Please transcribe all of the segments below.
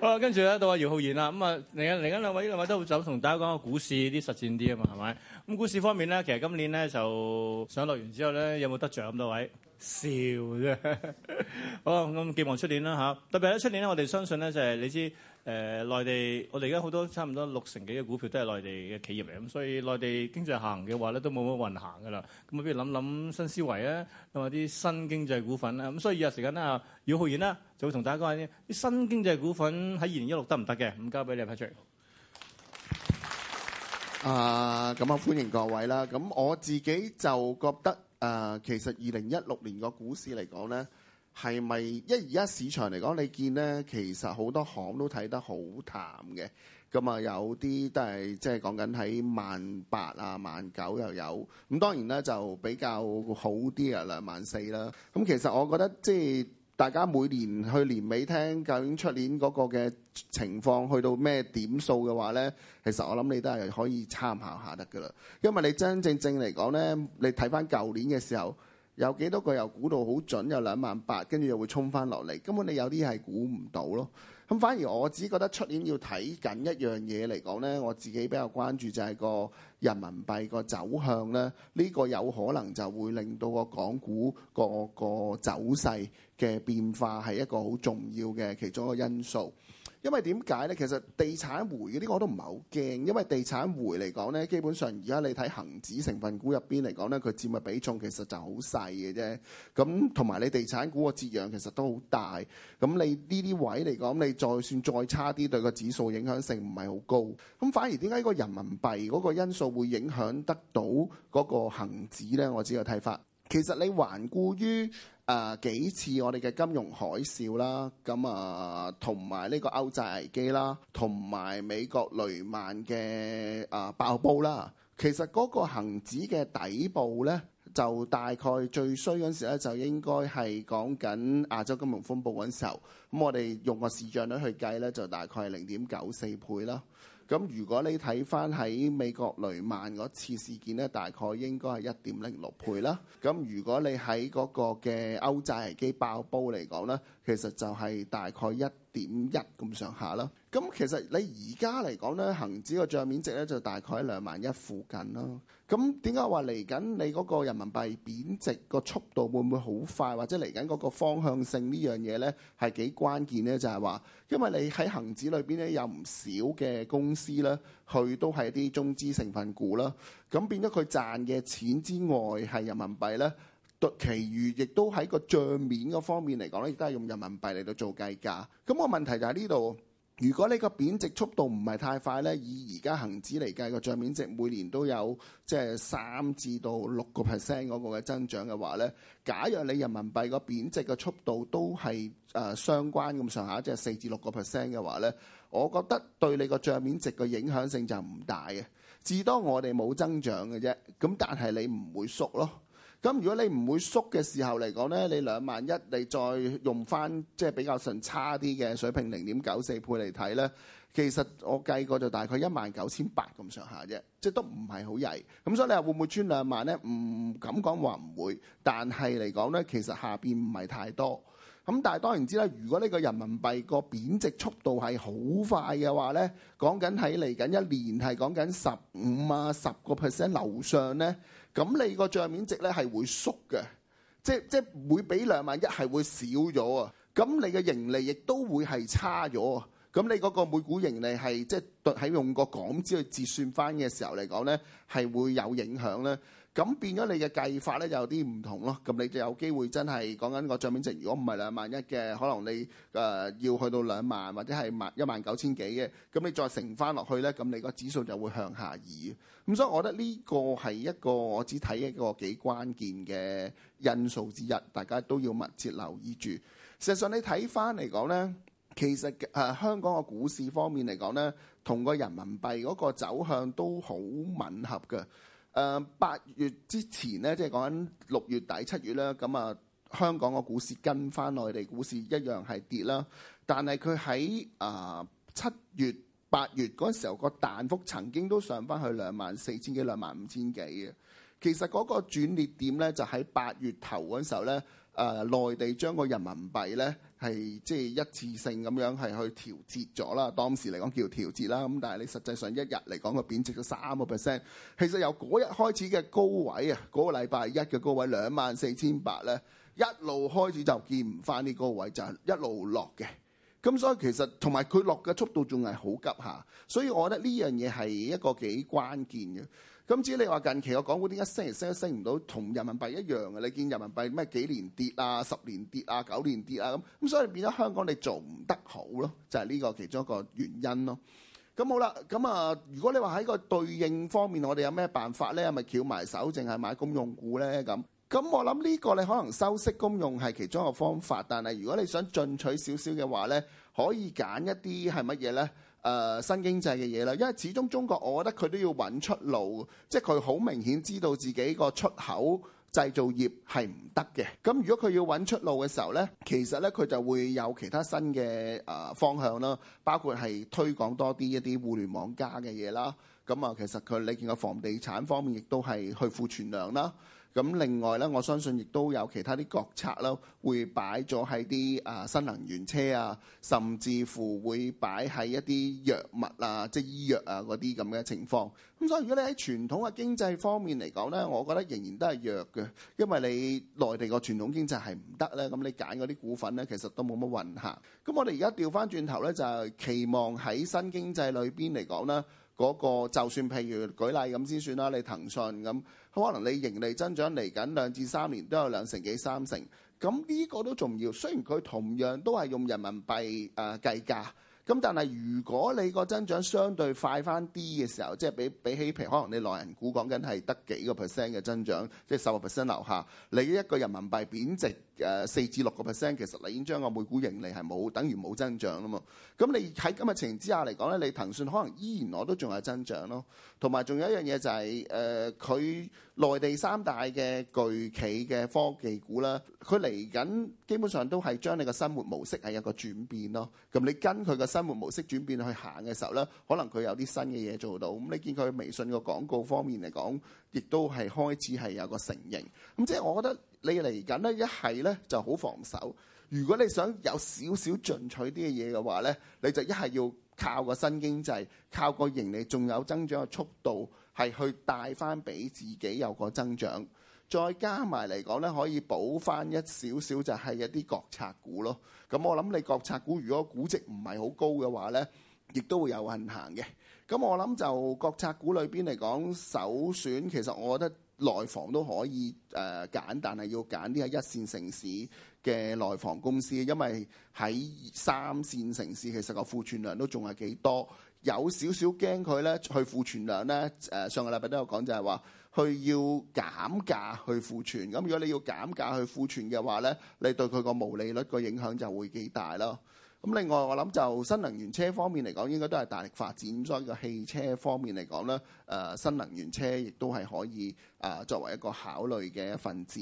好，跟住咧到阿姚浩然啦。咁啊，嚟啊嚟緊兩位呢兩位都想同大家講下股市啲實戰啲啊嘛，係咪？咁股市方面咧，其實今年咧就上落完之後咧，有冇得著咁多位笑啫。 好，咁寄望出年啦吓。特別喺出年咧，我哋相信咧就係、是、你知。誒，內、呃、地，我哋而家好多差唔多六成幾嘅股票都係內地嘅企業嚟，咁所以內地經濟下行嘅話咧，都冇乜運行噶啦。咁我哋諗諗新思維啊，同埋啲新經濟股份啊，咁所以有時間咧，姚浩然啦，就會同大家講下啲新經濟股份喺二零一六得唔得嘅？咁交俾你阿 Patrick 啊，咁啊、呃、歡迎各位啦。咁我自己就覺得、呃、其實二零一六年個股市嚟講咧。係咪因為而家市場嚟講，你見呢其實好多行都睇得好淡嘅。咁啊，有啲都係即係講緊喺萬八啊、萬九又有。咁當然咧就比較好啲啊，兩萬四啦。咁其實我覺得即係大家每年去年尾聽究竟出年嗰個嘅情況去到咩點數嘅話呢，其實我諗你都係可以參考一下得噶啦。因為你真真正正嚟講呢，你睇翻舊年嘅時候。有幾多個又估到好準，有兩萬八，跟住又會沖翻落嚟。根本你有啲係估唔到咯。咁反而我只覺得出年要睇緊一樣嘢嚟講呢，我自己比較關注就係個人民幣個走向呢。呢、呢個有可能就會令到個港股個個走勢嘅變化係一個好重要嘅其中一個因素。因為點解呢？其實地產回嗰啲我都唔係好驚，因為地產回嚟講呢，基本上而家你睇恒指成分股入邊嚟講呢，佢佔嘅比重其實就好細嘅啫。咁同埋你地產股個折讓其實都好大。咁你呢啲位嚟講，你再算再差啲對個指數影響性唔係好高。咁反而點解個人民幣嗰個因素會影響得到嗰個恆指呢？我自己嘅睇法。其實你環顧於。啊幾次我哋嘅金融海嘯啦，咁啊同埋呢個歐債危機啦，同、啊、埋美國雷曼嘅啊爆煲啦、啊，其實嗰個恆指嘅底部呢，就大概最衰嗰陣時咧，就應該係講緊亞洲金融風暴嗰陣時候，咁我哋用個市賬率去計呢，就大概係零點九四倍啦。咁如果你睇返喺美國雷曼嗰次事件呢，大概應該係一點零六倍啦。咁如果你喺嗰個嘅歐債危機爆煲嚟講呢，其實就係大概一點一咁上下啦，咁、嗯嗯嗯、其實你而家嚟講咧，恒指個帳面值咧就大概喺兩萬一附近咯。咁點解話嚟緊你嗰個人民幣貶值個速度會唔會好快，或者嚟緊嗰個方向性呢樣嘢咧係幾關鍵咧？就係話，因為你喺恒指裏邊咧有唔少嘅公司咧，佢都係一啲中資成分股啦。咁變咗佢賺嘅錢之外係人民幣咧。其餘亦都喺個帳面嗰方面嚟講咧，亦都係用人民幣嚟到做計價。咁個問題就係呢度。如果你個貶值速度唔係太快呢，以而家恒指嚟計個帳面值每年都有即係三至到六個 percent 嗰個嘅增長嘅話呢，假若你人民幣個貶值嘅速度都係誒相關咁上下，即係四至六個 percent 嘅話呢，我覺得對你個帳面值嘅影響性就唔大嘅。至多我哋冇增長嘅啫。咁但係你唔會縮咯。咁如果你唔會縮嘅時候嚟講呢，你兩萬一，你再用翻即係比較上差啲嘅水平零點九四倍嚟睇呢，其實我計過就大概一萬九千八咁上下啫，即係都唔係好曳。咁所以你話會唔會穿兩萬呢？唔敢講話唔會，但係嚟講呢，其實下邊唔係太多。咁但係當然知啦，如果呢個人民幣個貶值速度係好快嘅話呢，講緊喺嚟緊一年係講緊十五啊十個 percent 樓上呢。咁你個帳面值咧係會縮嘅，即即每比兩萬一係會少咗啊！咁你嘅盈利亦都會係差咗，咁你嗰個每股盈利係即係用個港紙去折算翻嘅時候嚟講咧，係會有影響咧。咁變咗你嘅計法咧，有啲唔同咯。咁你就有機會真係講緊個帳面值，如果唔係兩萬一嘅，可能你誒要去到兩萬或者係萬一萬九千幾嘅。咁你再乘翻落去咧，咁你個指數就會向下移。咁所以我覺得呢個係一個我只睇一個幾關鍵嘅因素之一，大家都要密切留意住。事實上，你睇翻嚟講咧，其實誒香港嘅股市方面嚟講咧，同個人民幣嗰個走向都好吻合嘅。誒、呃、八月之前咧，即係講緊六月底七月咧，咁啊香港個股市跟翻內地股市一樣係跌啦。但係佢喺七月八月嗰陣時候，個彈幅曾經都上翻去兩萬四千幾、兩萬五千幾嘅。其實嗰個轉捩點咧，就喺八月頭嗰陣時候咧。誒內地將個人民幣咧係即係一次性咁樣係去調節咗啦，當時嚟講叫調節啦，咁但係你實際上一日嚟講個貶值咗三個 percent，其實由嗰日開始嘅高位啊，嗰、嗰個禮拜一嘅高位兩萬四千八咧，一路開始就見唔翻呢個位，就係一路落嘅，咁所以其實同埋佢落嘅速度仲係好急下。所以我覺得呢樣嘢係一個幾關鍵嘅。咁至於你話近期我港股啲一升一升都升唔到，同人民幣一樣嘅，你見人民幣咩幾年跌啊，十年跌啊，九年跌啊咁，咁所以變咗香港你做唔得好咯，就係呢個其中一個原因咯。咁好啦，咁啊，如果你話喺個對應方面，我哋有咩辦法咧？係咪翹埋手，淨係買公用股咧？咁咁我諗呢個你可能收息公用係其中一個方法，但係如果你想進取少少嘅話咧，可以揀一啲係乜嘢咧？誒新經濟嘅嘢啦，因為始終中國，我覺得佢都要揾出路，即係佢好明顯知道自己個出口製造業係唔得嘅。咁如果佢要揾出路嘅時候呢，其實呢，佢就會有其他新嘅誒方向啦，包括係推廣多啲一啲互聯網加嘅嘢啦。咁啊，其實佢你見個房地產方面亦都係去庫存量啦。咁另外咧，我相信亦都有其他啲國策啦，會擺咗喺啲啊新能源車啊，甚至乎會擺喺一啲藥物啊，即係醫藥啊嗰啲咁嘅情況。咁所以如果你喺傳統嘅經濟方面嚟講咧，我覺得仍然都係弱嘅，因為你內地個傳統經濟係唔得咧，咁你揀嗰啲股份咧，其實都冇乜運行。咁我哋而家調翻轉頭咧，就係期望喺新經濟裏邊嚟講咧，嗰個就算譬如舉例咁先算啦，你騰訊咁。可能你盈利增長嚟緊兩至三年都有兩成幾三成，咁呢個都重要。雖然佢同樣都係用人民幣計價，咁、呃、但係如果你個增長相對快翻啲嘅時候，即、就、係、是、比比起譬如可能你內人股講緊係得幾個 percent 嘅增長，即係十個 percent 樓下，你一個人民幣貶值。誒四至六個 percent，其實你已經將個每股盈利係冇，等於冇增長啦嘛。咁你喺今日情之下嚟講咧，你騰訊可能依然我都仲有增長咯。同埋仲有一樣嘢就係、是、誒，佢、呃、內地三大嘅巨企嘅科技股啦，佢嚟緊基本上都係將你個生活模式係有個轉變咯。咁你跟佢個生活模式轉變去行嘅時候咧，可能佢有啲新嘅嘢做到。咁你見佢微信個廣告方面嚟講，亦都係開始係有個成型。咁即係我覺得。你嚟緊咧，一係咧就好防守。如果你想有少少進取啲嘅嘢嘅話咧，你就一係要靠個新經濟，靠個盈利，仲有增長嘅速度，係去帶翻俾自己有個增長。再加埋嚟講咧，可以補翻一少少就係一啲國策股咯。咁我諗你國策股如果估值唔係好高嘅話咧，亦都會有運行嘅。咁我諗就國策股裏面嚟講，首選其實我覺得。內房都可以誒揀，但係要揀啲喺一線城市嘅內房公司，因為喺三線城市其實個庫存量都仲係幾多，有少少驚佢呢去庫存量呢。誒上個禮拜都有講，就係話佢要減價去庫存，咁如果你要減價去庫存嘅話呢，你對佢個毛利率個影響就會幾大咯。咁另外我諗就新能源車方面嚟講，應該都係大力發展，所以個汽車方面嚟講咧，誒新能源車亦都係可以誒作為一個考慮嘅一份子。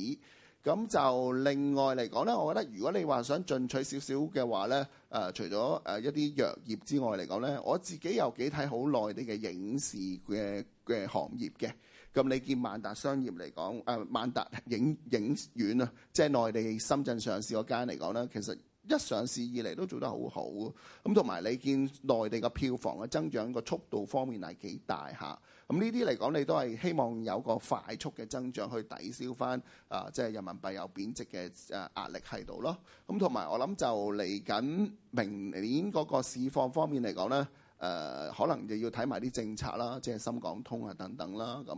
咁就另外嚟講咧，我覺得如果你話想進取少少嘅話咧，誒除咗誒一啲藥業之外嚟講咧，我自己有幾睇好內地嘅影視嘅嘅行業嘅。咁你見萬達商業嚟講，誒萬達影影院啊，即係內地深圳上市嗰間嚟講咧，其實，一上市以嚟都做得好好，咁同埋你見內地嘅票房嘅增長個速度方面係幾大吓。咁呢啲嚟講，你都係希望有個快速嘅增長去抵消翻啊，即係人民幣有貶值嘅誒壓力喺度咯。咁同埋我諗就嚟緊明年嗰個市況方面嚟講咧，誒可能就要睇埋啲政策啦，即係深港通啊等等啦咁。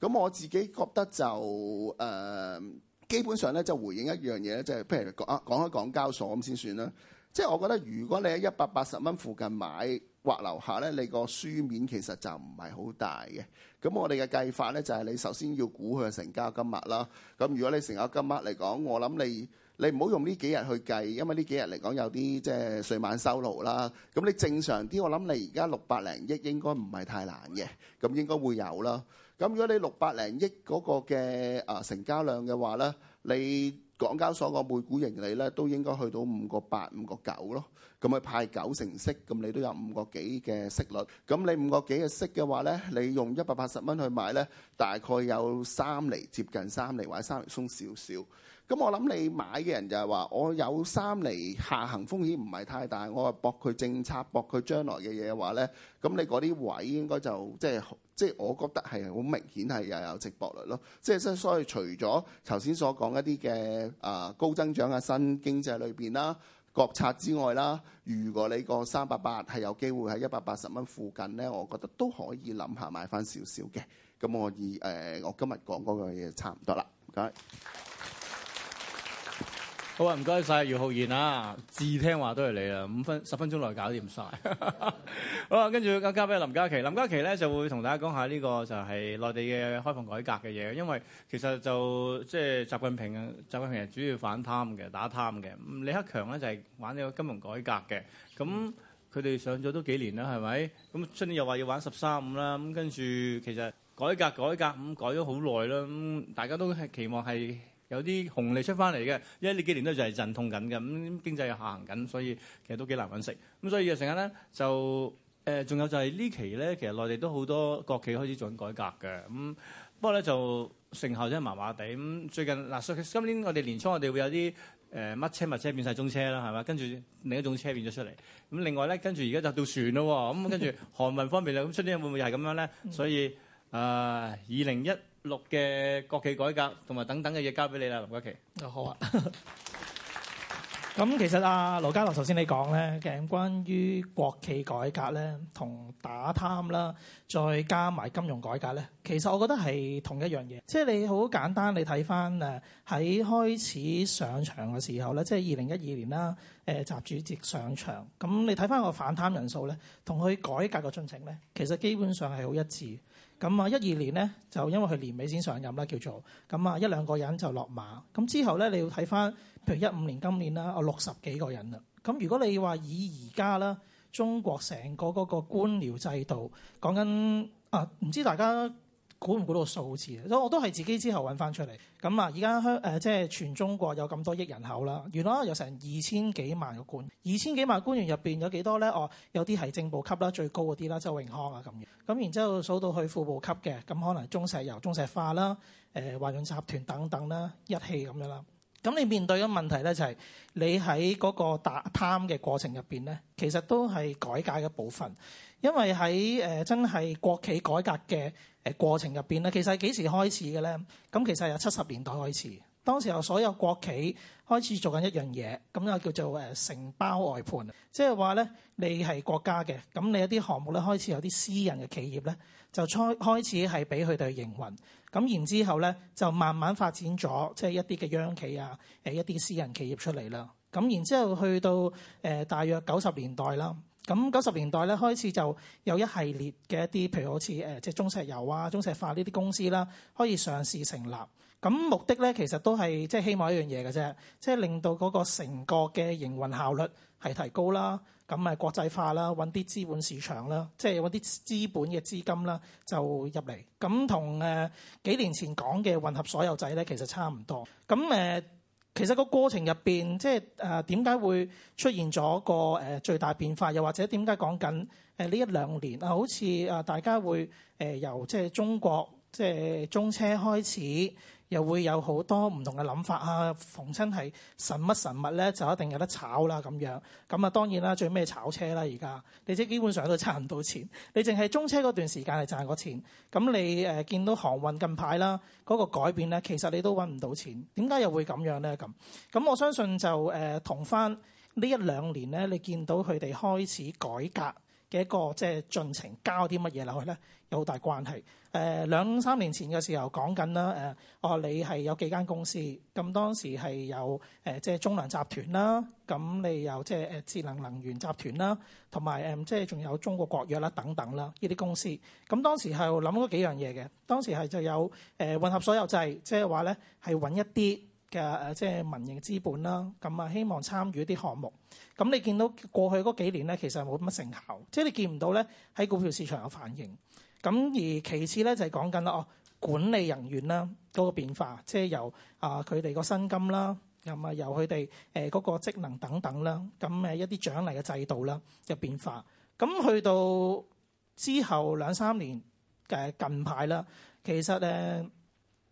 咁我自己覺得就誒。呃基本上咧，就回應一樣嘢，即係譬如講開港交所咁先算啦。即係我覺得如果你喺一百八十蚊附近買或樓下呢，你個書面其實就唔係好大嘅。咁我哋嘅計法呢，就係、是、你首先要估佢嘅成交金額啦。咁如果你成交金額嚟講，我諗你你唔好用呢幾日去計，因為呢幾日嚟講有啲即係歲晚收爐啦。咁你正常啲，我諗你而家六百零億應該唔係太難嘅，咁應該會有啦。咁如果你六百零億嗰個嘅啊成交量嘅話呢，你港交所個每股盈利呢，都應該去到五個八五個九咯，咁佢派九成息，咁你都有五個幾嘅息率，咁你五個幾嘅息嘅話呢，你用一百八十蚊去買呢，大概有三厘接近三厘或者三厘鬆少少。咁我諗你買嘅人就係話，我有三厘下行風險唔係太大，我係搏佢政策、搏佢將來嘅嘢嘅話呢。咁你嗰啲位應該就即係即係我覺得係好明顯係又有直博嚟咯。即係所以除咗頭先所講一啲嘅啊高增長嘅新經濟裏邊啦、國策之外啦，如果你個三百八係有機會喺一百八十蚊附近呢，我覺得都可以諗下買翻少少嘅。咁我以誒、呃、我今日講嗰個嘢差唔多啦。唔該。好啊，唔該曬，姚浩然啊，至聽話都係你啊，五分十分鐘內搞掂曬。好啊，跟住交俾林嘉琪，林嘉琪咧就會同大家講下呢個就係內地嘅開放改革嘅嘢，因為其實就即係習近平，習近平係主要反貪嘅，打貪嘅。李克強咧就係玩呢個金融改革嘅。咁佢哋上咗都幾年啦，係咪？咁今年又話要玩十三五啦。咁跟住其實改革改革咁改咗好耐啦。咁大家都係期望係。有啲紅利出翻嚟嘅，因為呢幾年咧就係陣痛緊嘅，咁、嗯、經濟又下行緊，所以其實都幾難揾食。咁所以有成日咧就仲、呃、有就係呢期咧，其實內地都好多國企開始做緊改革嘅。咁、嗯、不過咧就成效真係麻麻地。咁、嗯、最近嗱，啊、所以今年我哋年初我哋會有啲乜、呃、車乜車、車變晒中車啦，係嘛？跟住另一種車變咗出嚟。咁、嗯、另外咧，跟住而家就到船咯。咁、嗯、跟住航運方面 會會呢，咁出年會唔會又係咁樣咧？所以二零一呃六嘅國企改革同埋等等嘅嘢交俾你啦，林嘉琪。好啊。咁 其實啊，羅家樂，頭先你講咧嘅關於國企改革咧同打貪啦，再加埋金融改革咧，其實我覺得係同一樣嘢。即係你好簡單，你睇翻誒喺開始上場嘅時候咧，即係二零一二年啦，誒習主席上場，咁你睇翻個反貪人數咧同佢改革嘅進程咧，其實基本上係好一致。咁啊，一二年咧就因為佢年尾先上任啦，叫做咁啊，一兩個人就落馬。咁之後咧，你要睇返，譬如一五年、今年啦，有六十幾個人啦。咁如果你話以而家啦，中國成個嗰個官僚制度講緊啊，唔知大家估唔估到數字？所以我都係自己之後揾翻出嚟。咁啊，而家香誒，即係全中國有咁多億人口啦，原來有成二千幾萬個官，二千幾萬官員入邊有幾多咧？哦，有啲係正部級啦，最高嗰啲啦，周永康啊咁樣。咁然之後數到去副部級嘅，咁可能中石油、中石化啦、誒華潤集團等等啦、一汽咁樣啦。咁你面對嘅問題咧就係你喺嗰個打貪嘅過程入面咧，其實都係改革嘅部分，因為喺真係國企改革嘅誒過程入面咧，其實係幾時開始嘅咧？咁其實由七十年代開始，當時候所有國企開始做緊一樣嘢，咁就叫做誒承包外判。即係話咧你係國家嘅，咁你有啲項目咧開始有啲私人嘅企業咧。就開開始係俾佢哋去營運，咁然之後咧就慢慢發展咗，即係一啲嘅央企啊，誒一啲私人企業出嚟啦。咁然之後去到誒大約九十年代啦。咁九十年代咧開始就有一系列嘅一啲，譬如好似誒即係中石油啊、中石化呢啲公司啦，可以上市成立。咁目的咧其實都係即係希望一樣嘢嘅啫，即係令到嗰個成個嘅營運效率係提高啦。咁咪國際化啦，搵啲資本市場啦，即係搵啲資本嘅資金啦，就入嚟。咁同誒幾年前講嘅混合所有制咧，其實差唔多。咁誒其實個過程入邊，即係誒點解會出現咗個誒最大變化？又或者點解講緊誒呢一兩年啊？好似大家會誒由即係中國即係、就是、中車開始。又會有好多唔同嘅諗法啊！逢親係神乜神物咧，就一定有得炒啦咁樣。咁啊，當然啦，最尾炒車啦而家？你即基本上都賺唔到錢，你淨係中車嗰段時間係賺過錢。咁你誒、呃、見到航運近排啦嗰個改變咧，其實你都搵唔到錢。點解又會咁樣咧？咁咁我相信就同翻呢一兩年咧，你見到佢哋開始改革嘅一個即係、就是、進程，交啲乜嘢落去咧？有好大關係誒。兩三年前嘅時候講緊啦，誒，哦，你係有幾間公司咁？當時係有誒，即係中糧集團啦，咁你有即係誒智能能源集團啦，同埋誒即係仲有中國國藥啦等等啦。呢啲公司咁當時係諗咗幾樣嘢嘅。當時係就有誒混合所有制，即係話咧係揾一啲嘅誒，即係民營資本啦，咁啊希望參與啲項目。咁你見到過去嗰幾年咧，其實冇乜成效，即係你見唔到咧喺股票市場有反應。咁而其次咧就係講緊啦，哦，管理人員啦嗰個變化，即係由啊佢哋個薪金啦，又啊由佢哋誒嗰個職能等等啦，咁誒一啲獎勵嘅制度啦嘅變化。咁去到之後兩三年誒近排啦，其實咧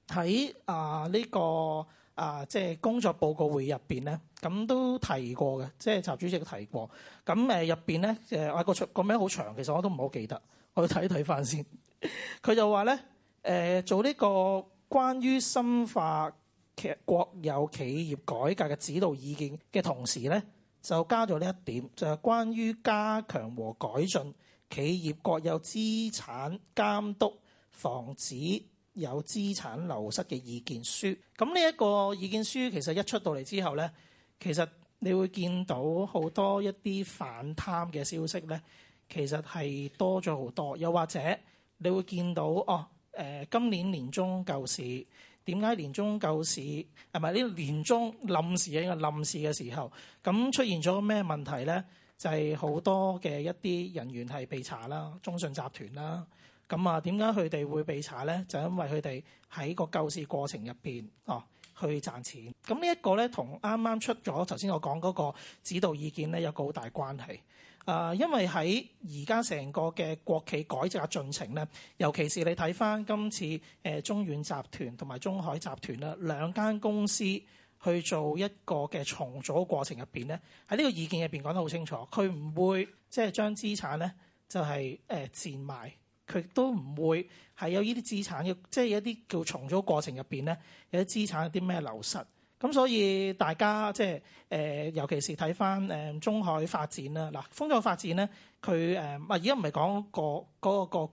喺啊呢個啊即係工作報告會入邊咧，咁都提過嘅，即係習主席都提過。咁誒入邊咧誒，啊個出個名好長，其實我都唔好記得。我睇睇翻先看看，佢就話咧，誒、呃、做呢個關於深化其實國有企業改革嘅指導意見嘅同時咧，就加咗呢一點，就係、是、關於加強和改進企業國有資產監督，防止有資產流失嘅意見書。咁呢一個意見書其實一出到嚟之後咧，其實你會見到好多一啲反貪嘅消息咧。其實係多咗好多，又或者你會見到哦，誒、呃、今年年中救市，點解年中救市係咪呢年中臨時嘅臨時嘅時候咁出現咗咩問題呢？就係、是、好多嘅一啲人員係被查啦，中信集團啦，咁啊點解佢哋會被查呢？就因為佢哋喺個救市過程入邊哦去賺錢，咁呢一個呢，同啱啱出咗頭先我講嗰個指導意見呢，有個好大關係。啊，因為喺而家成個嘅國企改革進程咧，尤其是你睇翻今次誒中遠集團同埋中海集團啦，兩間公司去做一個嘅重組過程入邊咧，喺呢個意見入邊講得好清楚，佢唔會即係將資產咧就係誒賤賣，佢都唔會係有呢啲資產嘅，即係一啲叫重組過程入邊咧，有啲資產有啲咩流失。咁所以大家即係誒，尤其是睇翻誒中海發展啦。嗱，中海發展咧，佢誒啊，而家唔係講個嗰、嗰個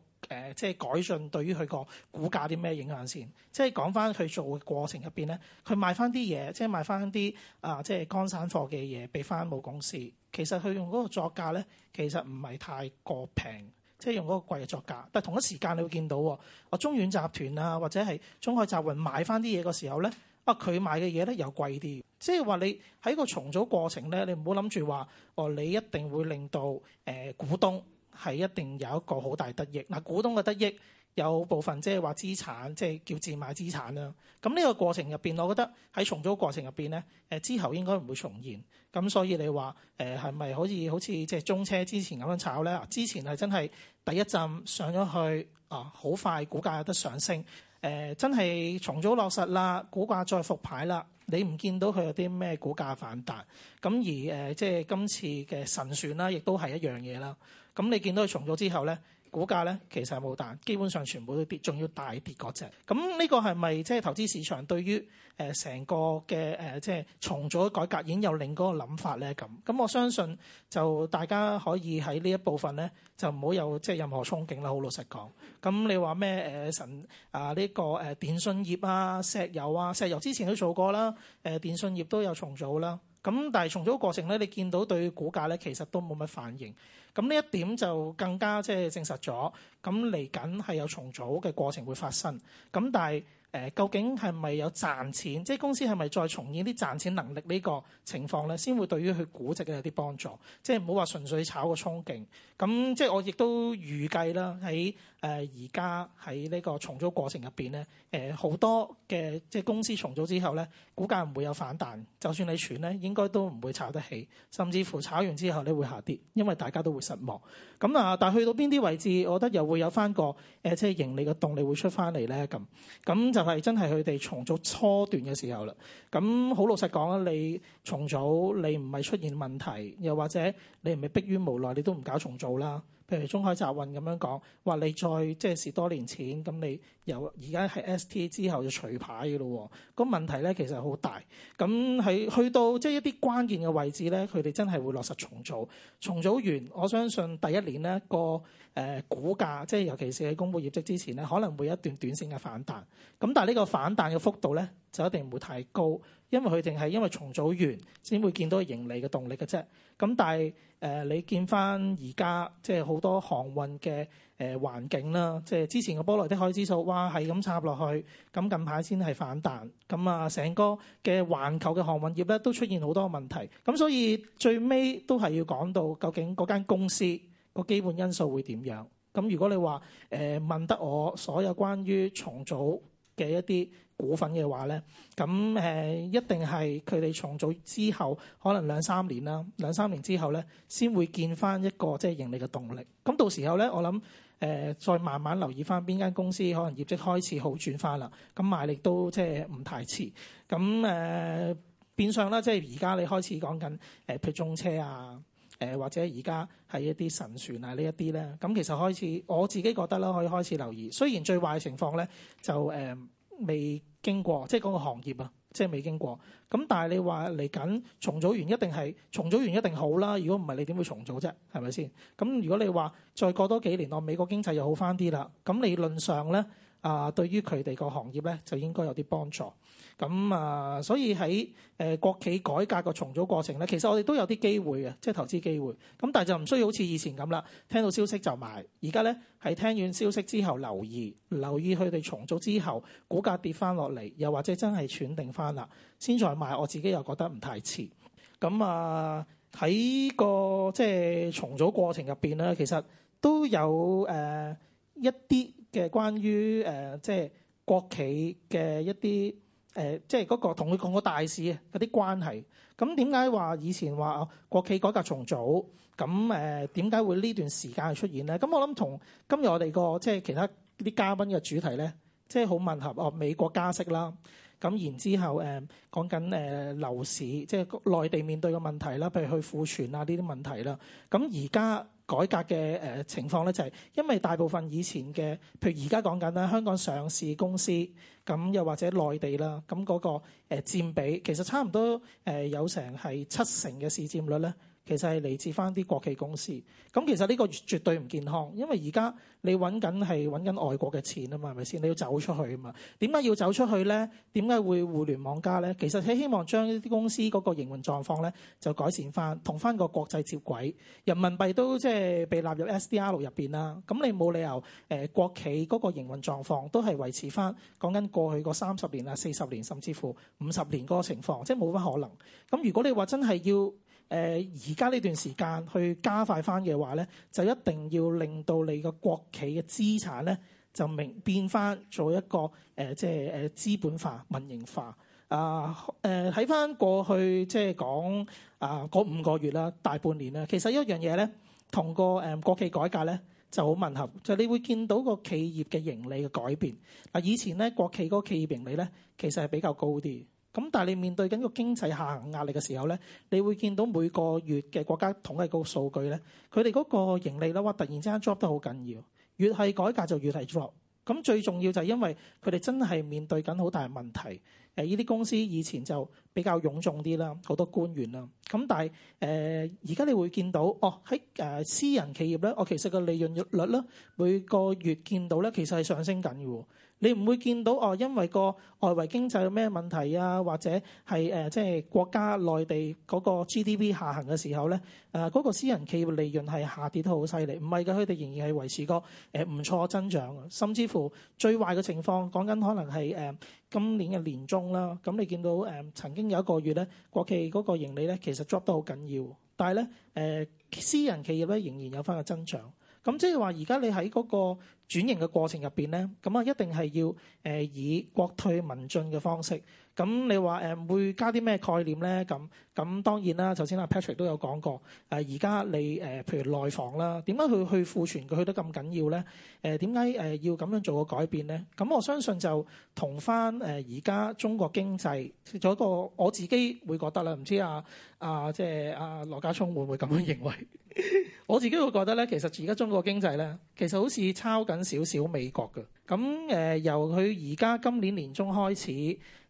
即係、呃、改進對於佢個股價啲咩影響先。即係講翻佢做嘅過程入邊咧，佢賣翻啲嘢，即係賣翻啲啊，即係乾散貨嘅嘢俾翻母公司。其實佢用嗰個作價咧，其實唔係太過平，即係用嗰個貴嘅作價。但係同一時間你會見到，我中遠集團啊，或者係中海集運買翻啲嘢嘅時候咧。啊！佢買嘅嘢咧又貴啲，即係話你喺個重組過程咧，你唔好諗住話，哦，你一定會令到誒股東係一定有一個好大得益。嗱、啊，股東嘅得益有部分即係話資產，即係叫自買資產啦。咁呢個過程入邊，我覺得喺重組過程入邊咧，誒、啊、之後應該唔會重現。咁所以你話誒係咪可以好似即係中車之前咁樣炒咧？之前係真係第一站上咗去，啊，好快股價有得上升。誒、呃、真係重組落實啦，股價再復牌啦，你唔見到佢有啲咩股價反彈？咁而、呃、即係今次嘅神選啦、啊，亦都係一樣嘢啦。咁你見到佢重組之後咧？股價咧，其實冇彈，基本上全部都跌，仲要大跌嗰隻。咁呢個係咪即係投資市場對於誒成個嘅誒即係重組改革已經有另嗰個諗法咧？咁咁我相信就大家可以喺呢一部分咧就唔好有即係任何憧憬啦。好老實講，咁你話咩誒神啊呢、呢個誒、啊、電信業啊石油啊，石油之前都做過啦，誒、啊、電信業都有重組啦。咁但係重組過程咧，你見到對股價咧其實都冇乜反應。咁呢一點就更加即係證實咗。咁嚟緊係有重組嘅過程會發生。咁但係、呃、究竟係咪有賺錢？即係公司係咪再重現啲賺錢能力呢個情況咧，先會對於佢估值嘅有啲幫助。即係唔好話純粹炒個憧憬。咁即係我亦都預計啦，喺誒而家喺呢個重組過程入邊咧，誒、呃、好多嘅即係公司重組之後咧，股價唔會有反彈，就算你選咧，應該都唔會炒得起，甚至乎炒完之後咧會下跌，因為大家都會失望。咁啊，但係去到邊啲位置，我覺得又會有翻個誒即係盈利嘅動力會出翻嚟咧咁。咁就係真係佢哋重組初段嘅時候啦。咁好老實講啊，你重組你唔係出現問題，又或者你唔係逼於無奈，你都唔搞重組。啦，譬如中海集運咁樣講，話你再即係蝕多年錢，咁你由而家係 ST 之後就除牌嘅咯。咁問題咧其實好大，咁係去到即係一啲關鍵嘅位置咧，佢哋真係會落實重組。重組完，我相信第一年咧個誒股價，即係尤其是喺公布業績之前咧，可能會有一段短線嘅反彈。咁但係呢個反彈嘅幅度咧，就一定唔會太高，因為佢淨係因為重組完先會見到盈利嘅動力嘅啫。咁但係誒、呃，你見翻而家即係好多航運嘅誒、呃、環境啦，即係之前個波羅的海指數，哇係咁插落去，咁近排先係反彈。咁、嗯、啊，成個嘅環球嘅航運業咧都出現好多問題。咁、嗯、所以最尾都係要講到究竟嗰間公司個基本因素會點樣？咁、嗯、如果你話誒、呃、問得我所有關於重組嘅一啲股份嘅話咧，咁誒、呃、一定係佢哋重組之後，可能兩三年啦，兩三年之後咧，先會見翻一個即係、就是、盈利嘅動力。咁到時候咧，我諗誒、呃、再慢慢留意翻邊間公司，可能業績開始好轉翻啦。咁賣力都即係唔太遲。咁誒、呃、變相啦，即係而家你開始講緊誒，譬如中車啊，誒、呃、或者而家喺一啲神船啊這一些呢一啲咧。咁其實開始我自己覺得啦，可以開始留意。雖然最壞情況咧就誒。呃未經過，即係嗰個行業啊，即係未經過咁但係你話嚟緊重組完一定係重組完一定好啦。如果唔係你點會重組啫？係咪先？咁如果你話再過多幾年，當美國經濟又好翻啲啦，咁理論上咧。啊，對於佢哋個行業咧，就應該有啲幫助。咁啊，所以喺誒、呃、國企改革個重組過程咧，其實我哋都有啲機會嘅，即係投資機會。咁但係就唔需要好似以前咁啦，聽到消息就買。而家咧，係聽完消息之後留意，留意留意佢哋重組之後，股價跌翻落嚟，又或者真係斷定翻啦，先再買。我自己又覺得唔太遲。咁啊，喺、這個即係、就是、重組過程入邊咧，其實都有誒。呃一啲嘅關於誒，即係國企嘅一啲誒，即係嗰個同佢講個大市嗰啲關係。咁點解話以前話國企改革重組？咁誒點解會呢段時間係出現咧？咁我諗同今日我哋個即係其他啲嘉賓嘅主題咧，即係好吻合哦。美國加息啦，咁然之後誒講緊誒樓市，即係內地面對嘅問題啦，譬如去庫存啊呢啲問題啦。咁而家，改革嘅誒情況咧，就係因為大部分以前嘅，譬如而家講緊香港上市公司咁，又或者內地啦，咁嗰個誒佔比其實差唔多誒有成係七成嘅市佔率咧。其實係嚟自翻啲國企公司，咁其實呢個絕對唔健康，因為而家你揾緊係揾緊外國嘅錢啊嘛，係咪先？你要走出去啊嘛？點解要走出去咧？點解會互聯網加咧？其實係希望將呢啲公司嗰個營運狀況咧就改善翻，同翻個國際接軌。人民幣都即係被納入 SDR 入邊啦，咁你冇理由誒、呃、國企嗰個營運狀況都係維持翻講緊過去個三十年啊、四十年甚至乎五十年嗰個情況，即係冇乜可能。咁如果你話真係要，誒而家呢段時間去加快翻嘅話咧，就一定要令到你個國企嘅資產咧就明變翻做一個誒、呃、即係誒資本化、民營化啊，誒睇翻過去即係講啊嗰五個月啦、大半年啦，其實一樣嘢咧同個誒、呃、國企改革咧就好吻合，就你會見到個企業嘅盈利嘅改變嗱、呃，以前咧國企嗰企業盈利咧其實係比較高啲。咁但係你面對緊個經濟下行壓力嘅時候咧，你會見到每個月嘅國家統計個數據咧，佢哋嗰個盈利咧或突然之間 drop 得好緊要，越係改革就越係 drop。咁最重要就係因為佢哋真係面對緊好大問題。誒呢啲公司以前就比較臃腫啲啦，好多官員啦。咁但係而家你會見到哦，喺誒、呃、私人企業咧，我其實個利潤率啦，每個月見到咧，其實係上升緊嘅。你唔會見到哦，因為個外圍經濟有咩問題啊，或者係即係國家內地嗰個 GDP 下行嘅時候咧，誒、呃、嗰、那個私人企業利潤係下跌得好犀利。唔係嘅，佢哋仍然係維持個誒唔、呃、錯嘅增長。甚至乎最壞嘅情況講緊可能係誒。呃今年嘅年中啦，咁你見到誒，曾經有一個月咧，國企嗰個盈利咧，其實 drop 得好緊要，但係咧誒，私人企業咧仍然有翻個增長。咁即係話，而家你喺嗰個。轉型嘅過程入邊咧，咁啊一定係要誒以國退民進嘅方式。咁你話誒會加啲咩概念咧？咁咁當然啦。頭先阿 Patrick 都有講過，誒而家你誒譬如內房啦，點解佢去庫存佢去得咁緊要咧？誒點解誒要咁樣做個改變咧？咁我相信就同翻誒而家中國經濟仲有一個我自己會覺得啦。唔知阿阿即係阿羅家聰會唔會咁樣認為 我自己會覺得咧，其實而家中國經濟咧，其實好似抄緊。少少美國嘅，咁誒由佢而家今年年中開始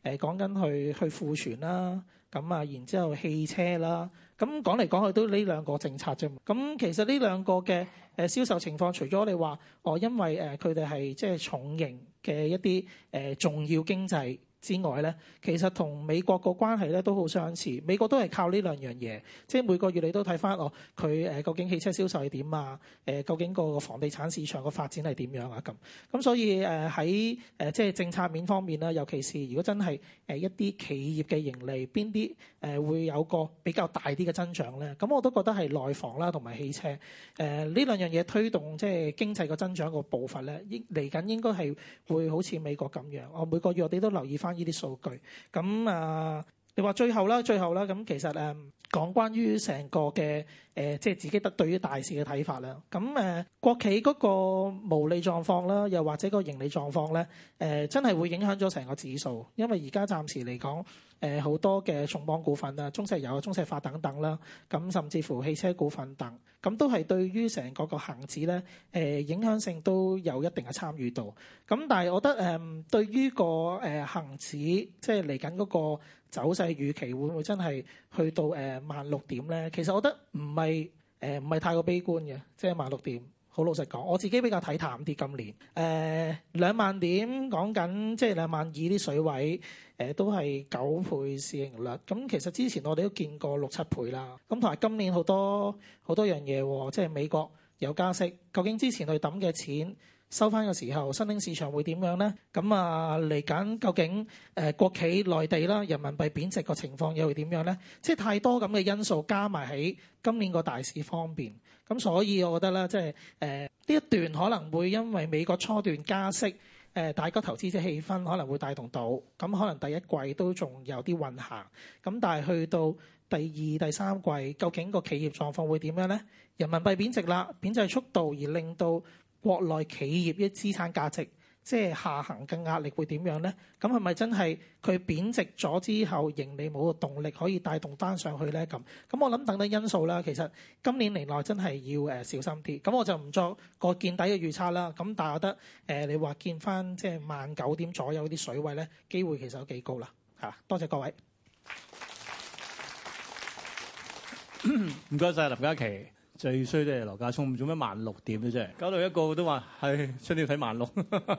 誒講緊去去庫存啦，咁啊然之後汽車啦，咁講嚟講去都呢兩個政策啫。咁其實呢兩個嘅誒銷售情況，除咗你話哦，因為誒佢哋係即係重型嘅一啲誒重要經濟。之外咧，其實同美國個關係咧都好相似。美國都係靠呢兩樣嘢，即係每個月你都睇翻哦，佢誒究竟汽車銷售係點啊？誒究竟個房地產市場個發展係點樣啊？咁咁所以誒喺誒即係政策面方面啦，尤其是如果真係誒一啲企業嘅盈利邊啲誒會有個比較大啲嘅增長咧，咁我都覺得係內房啦同埋汽車誒呢、呃、兩樣嘢推動即係經濟個增長個步伐咧，應嚟緊應該係會好似美國咁樣，我每個月我哋都留意翻。呢啲數據，咁啊，你話最後啦，最後啦，咁其實誒講關於成個嘅誒，即、呃、係、係、自己得對於大市嘅睇法啦。咁誒、呃，國企嗰個毛利狀況啦，又或者個盈利狀況咧，誒、呃、真係會影響咗成個指數，因為而家暫時嚟講。誒好多嘅重磅股份啦，中石油、中石化等等啦，咁甚至乎汽車股份等，咁都係對於成個個恆指咧，誒影響性都有一定嘅參與度。咁但係我覺得誒對於個誒恆指，即係嚟緊嗰個走勢預期會唔會真係去到誒萬六點咧？其實我覺得唔係誒唔係太過悲觀嘅，即係萬六點。好老實講，我自己比較睇淡啲今年。誒、呃、兩萬點講緊，即係兩萬二啲水位，呃、都係九倍市盈率。咁其實之前我哋都見過六七倍啦。咁同埋今年好多好多樣嘢喎、哦，即係美國有加息。究竟之前佢抌嘅錢收翻嘅時候，新興市場會點樣咧？咁啊嚟緊究竟誒、呃、國企、內地啦、人民幣貶值個情況又會點樣咧？即係太多咁嘅因素加埋喺今年個大市方面。咁所以我覺得咧，即係誒呢一段可能會因為美國初段加息，誒大家投資者氣氛可能會帶動到，咁可能第一季都仲有啲運行，咁但係去到第二、第三季，究竟個企業狀況會點樣咧？人民幣貶值啦，貶值速度而令到國內企業啲資產價值。即係下行嘅壓力會點樣呢？咁係咪真係佢貶值咗之後，盈利冇個動力可以帶動單上去呢？咁咁我諗等等因素啦。其實今年年內真係要誒小心啲。咁我就唔作個見底嘅預測啦。咁但係我覺得誒、呃，你話見翻即係萬九點左右啲水位呢，機會其實有幾高啦。嚇，多謝各位。唔該晒林嘉琪。最衰都係羅家聰，做咩萬六點啫？搞到一個都話係出年睇萬六。